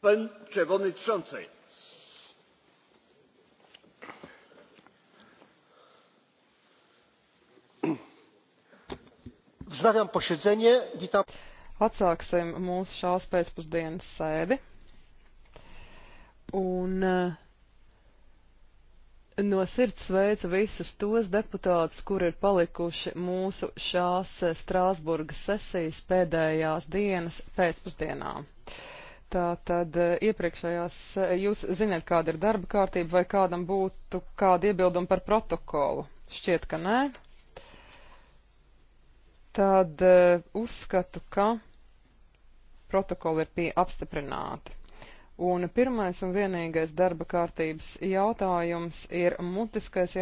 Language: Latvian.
pani przewodnicząca! wznawiam posiedzenie. atsāksim mūsu šās pēcpusdienas sēdi un eh, no sirds sveicu visus tos deputātus, kuri ir palikuši mūsu šās eh, Strāsburgas sesijas pēdējās dienas pēcpusdienā. Tā tad eh, iepriekšējās, eh, jūs zināt, kāda ir darba kārtība vai kādam būtu kāda iebilduma par protokolu? Šķiet, ka nē. Tad eh, uzskatu, ka protokoli ir pie apstiprināti. Un pirmais un vienīgais darba kārtības jautājums ir mutiskais